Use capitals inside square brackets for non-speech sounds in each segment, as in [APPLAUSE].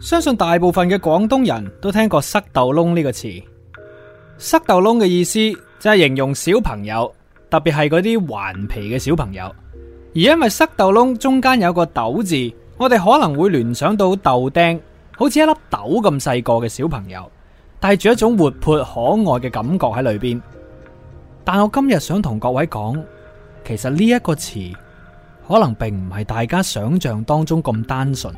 相信大部分嘅廣東人都聽過塞豆窿呢個詞，塞豆窿嘅意思就係形容小朋友，特別係嗰啲頑皮嘅小朋友。而因為塞豆窿中間有個豆字，我哋可能會聯想到豆丁，好似一粒豆咁細個嘅小朋友，帶住一種活潑可愛嘅感覺喺裏面。但我今日想同各位講，其實呢一個詞可能並唔係大家想象當中咁單純。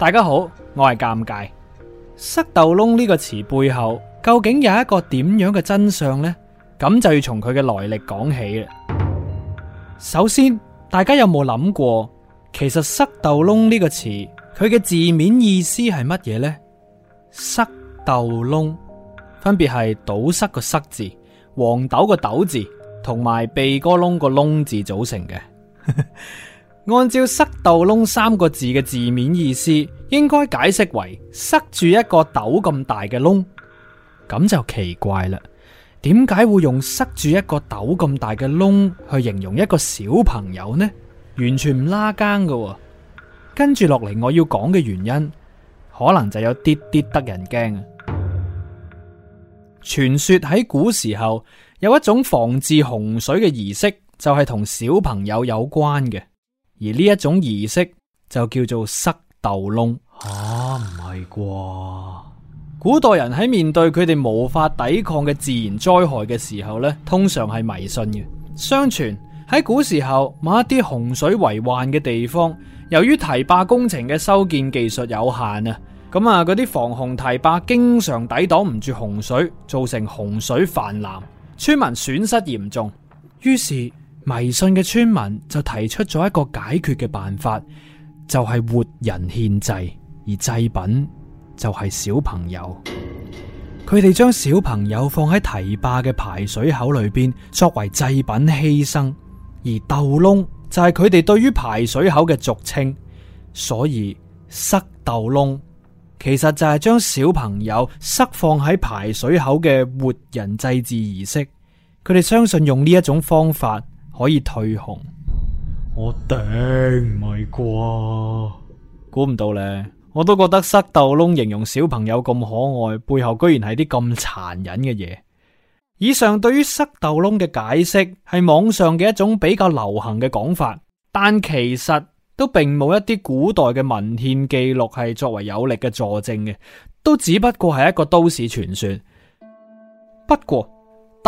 大家好，我係尷尬。塞豆窿呢個詞背後究竟有一個點樣嘅真相呢？咁就要從佢嘅來歷講起啦。首先，大家有冇諗過，其實塞豆窿呢個詞，佢嘅字面意思係乜嘢呢？塞豆窿分別係堵塞個塞字、黃豆個豆字同埋鼻哥窿個窿字組成嘅。 [LAUGHS] 按照塞豆窿三個字嘅字面意思，應該解釋為塞住一個豆咁大嘅窿，咁就奇怪啦。點解會用塞住一個豆咁大嘅窿去形容一個小朋友呢？完全唔拉更噶。跟住落嚟，我要講嘅原因可能就有啲啲得人驚。傳說喺古時候有一種防治洪水嘅儀式，就係同小朋友有關嘅。而呢一種儀式就叫做塞豆窿。吓、啊，唔係啩？古代人喺面對佢哋無法抵抗嘅自然災害嘅時候呢，通常係迷信嘅。相傳喺古時候，某一啲洪水為患嘅地方，由於堤壩工程嘅修建技術有限啊，咁啊嗰啲防洪堤壩經常抵擋唔住洪水，造成洪水泛濫，村民損失嚴重。於是。迷信嘅村民就提出咗一個解決嘅辦法，就係活人獻祭，而祭品就係小朋友。佢哋將小朋友放喺堤壩嘅排水口裏邊，作為祭品犧牲。而豆窿就係佢哋對於排水口嘅俗稱，所以塞豆窿其實就係將小朋友塞放喺排水口嘅活人祭祀儀式。佢哋相信用呢一種方法。可以退紅，我頂，唔係啩？估唔到咧，我都覺得塞豆窿形容小朋友咁可愛，背後居然係啲咁殘忍嘅嘢。以上對於塞豆窿嘅解釋係網上嘅一種比較流行嘅講法，但其實都並冇一啲古代嘅文獻記錄係作為有力嘅佐證嘅，都只不過係一個都市傳說。不過。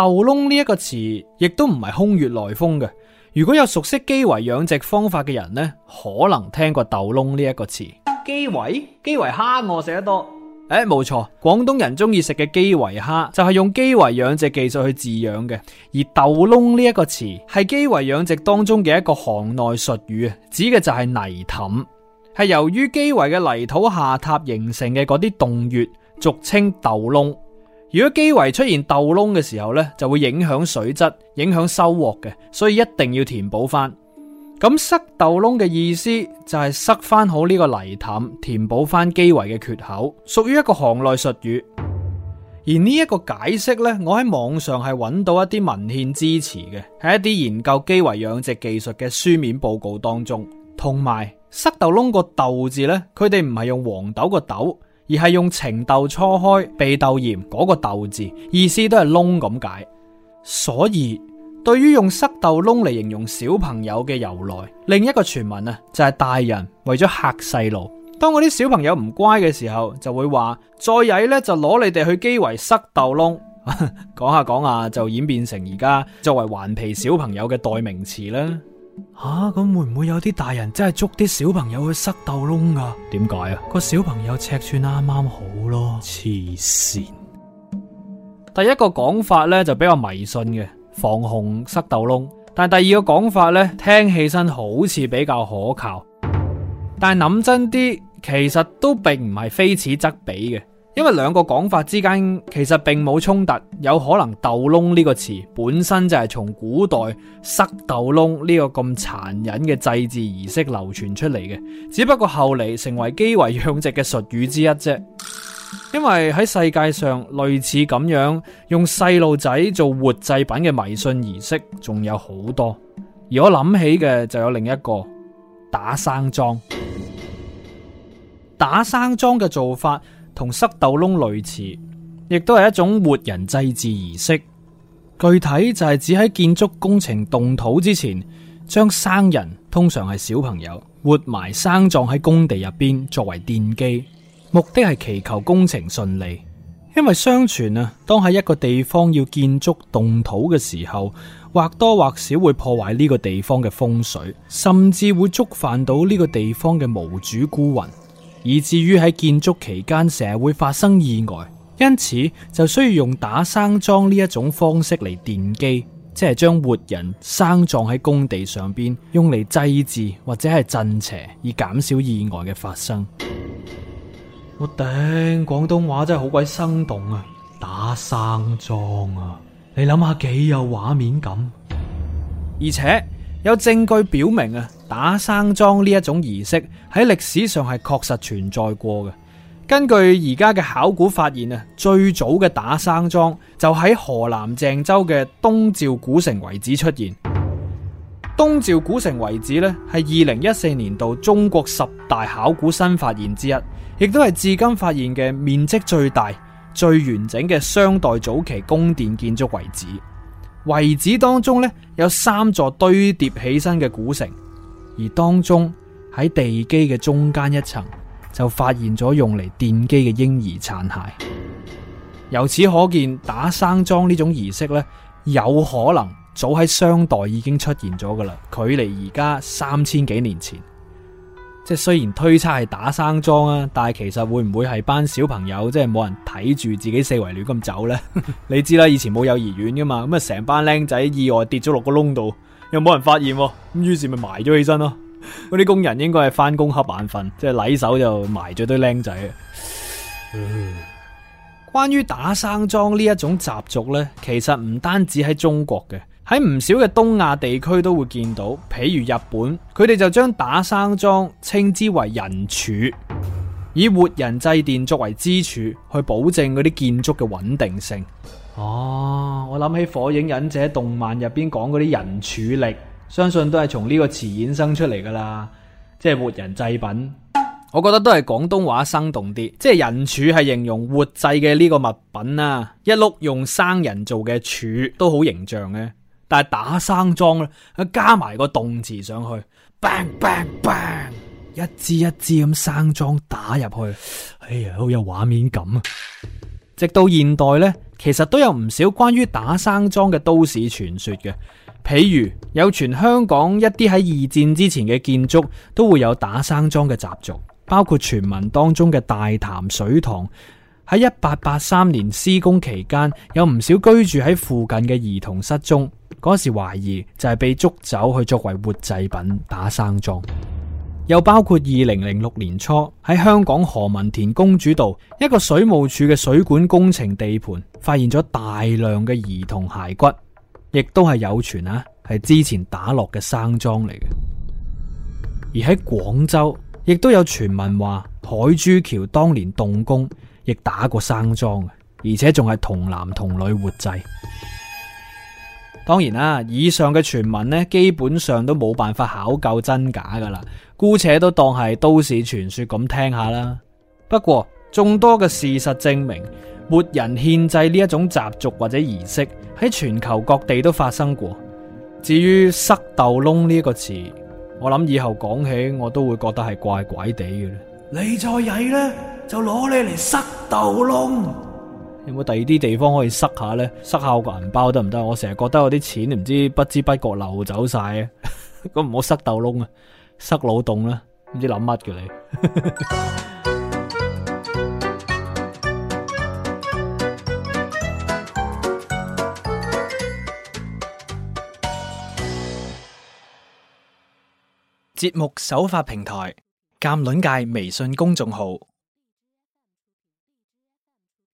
豆窿呢一個詞亦都唔係空穴來風嘅，如果有熟悉基圍養殖方法嘅人呢，可能聽過豆窿呢一個詞。基圍，基圍蝦我食得多。誒冇錯，廣東人中意食嘅基圍蝦就係用基圍養殖技術去飼養嘅。而豆窿呢一個詞係基圍養殖當中嘅一個行內術語，指嘅就係泥凼，係由於基圍嘅泥土下塌形成嘅嗰啲洞穴，俗稱豆窿。如果基圍出現斗豆窿嘅時候呢，就會影響水質、影響收穫嘅，所以一定要填補翻。咁塞豆窿嘅意思就係塞翻好呢個泥潭，填補翻基圍嘅缺口，屬於一個行內術語。而呢一個解釋呢，我喺網上係揾到一啲文獻支持嘅，喺一啲研究基圍養殖技術嘅書面報告當中，同埋塞豆窿個豆字呢，佢哋唔係用黃豆個豆。而係用情竇初開、鼻竇炎嗰個豆字，意思都係窿咁解。所以，對於用塞豆窿嚟形容小朋友嘅由來，另一個傳聞啊就係、是、大人為咗嚇細路，當嗰啲小朋友唔乖嘅時候，就會話再曳呢，就攞你哋去基圍塞豆窿。講下講下就演變成而家作為頑皮小朋友嘅代名詞啦。吓咁、啊、會唔會有啲大人真係捉啲小朋友去塞豆窿噶？點解啊？個小朋友尺寸啱啱好咯，黐線！第一個講法呢就比較迷信嘅，防洪塞豆窿。但第二個講法呢，聽起身好似比較可靠。但係諗真啲，其實都並唔係非此則彼嘅。因為兩個講法之間其實並冇衝突，有可能豆窿呢個詞本身就係從古代塞豆窿呢個咁殘忍嘅祭祀儀式流傳出嚟嘅，只不過後嚟成為基為養殖嘅術語之一啫。因為喺世界上類似咁樣用細路仔做活祭品嘅迷信儀式仲有好多，而我諗起嘅就有另一個打生樁。打生樁嘅做法。同塞豆窿類似，亦都係一種活人祭祀儀式。具體就係指喺建築工程動土之前，將生人通常係小朋友活埋生葬喺工地入邊作為奠基，目的係祈求工程順利。因為相傳啊，當喺一個地方要建築動土嘅時候，或多或少會破壞呢個地方嘅風水，甚至會觸犯到呢個地方嘅無主孤魂。以至於喺建築期間成日會發生意外，因此就需要用打生樁呢一種方式嚟電機，即係將活人生葬喺工地上邊，用嚟祭祀或者係鎮邪，以減少意外嘅發生。我頂，廣東話真係好鬼生動啊！打生樁啊，你諗下幾有畫面感，而且有證據表明啊。打生莊呢一種儀式喺歷史上係確實存在過嘅。根據而家嘅考古發現啊，最早嘅打生莊就喺河南鄭州嘅東趙古城遺址出現。東趙古城遺址咧係二零一四年度中國十大考古新發現之一，亦都係至今發現嘅面積最大、最完整嘅商代早期宮殿建築遺址。遺址當中咧有三座堆疊起身嘅古城。而當中喺地基嘅中間一層就發現咗用嚟奠基嘅嬰兒殘骸，由此可見打生樁呢種儀式呢，有可能早喺商代已經出現咗噶啦，距離而家三千幾年前，即係雖然推測係打生樁啊，但係其實會唔會係班小朋友即係冇人睇住自己四圍亂咁走呢？ [LAUGHS] 你知啦，以前冇幼兒園噶嘛，咁啊成班僆仔意外跌咗落個窿度。又冇人發現，咁於是咪埋咗起身咯。嗰啲工人應該係翻工瞌眼瞓，即係禮手就埋咗堆僆仔。嗯、關於打生樁呢一種習俗呢，其實唔單止喺中國嘅，喺唔少嘅東亞地區都會見到。譬如日本，佢哋就將打生樁稱之為人柱，以活人祭奠作為支柱，去保證嗰啲建築嘅穩定性。哦，我諗起《火影忍者》動漫入邊講嗰啲人柱力，相信都係從呢個詞衍生出嚟噶啦，即係活人祭品。 [NOISE] 我覺得都係廣東話生動啲，即係人柱係形容活祭嘅呢個物品啊。一碌用生人做嘅柱都好形象嘅，但係打生樁咧，佢加埋個動詞上去，bang bang bang，一支一支咁生樁打入去，哎呀，好有畫面感啊！直到現代呢。其實都有唔少關於打生樁嘅都市傳說嘅，譬如有傳香港一啲喺二戰之前嘅建築，都會有打生樁嘅習俗，包括傳聞當中嘅大潭水塘喺一八八三年施工期間，有唔少居住喺附近嘅兒童失蹤，嗰時懷疑就係被捉走去作為活祭品打生樁。又包括二零零六年初喺香港何文田公主道一個水務署嘅水管工程地盤發現咗大量嘅兒童骸骨，亦都係有傳啊係之前打落嘅生樁嚟嘅。而喺廣州，亦都有傳聞話海珠橋當年動工亦打過生樁，而且仲係童男童女活祭。當然啦，以上嘅傳聞咧，基本上都冇辦法考究真假噶啦，姑且都當係都市傳說咁聽下啦。不過眾多嘅事實證明，沒人獻祭呢一種習俗或者儀式喺全球各地都發生過。至於塞豆窿呢個詞，我諗以後講起我都會覺得係怪怪地嘅。你再曳呢，就攞你嚟塞豆窿。有冇第二啲地方可以塞下呢？塞下我個銀包得唔得？我成日覺得我啲錢唔知不知不覺流走晒啊！咁唔好塞豆窿啊，塞腦洞啦，啊，唔知諗乜嘅你。 [LAUGHS] 節目首發平台：鑒論界微信公眾號。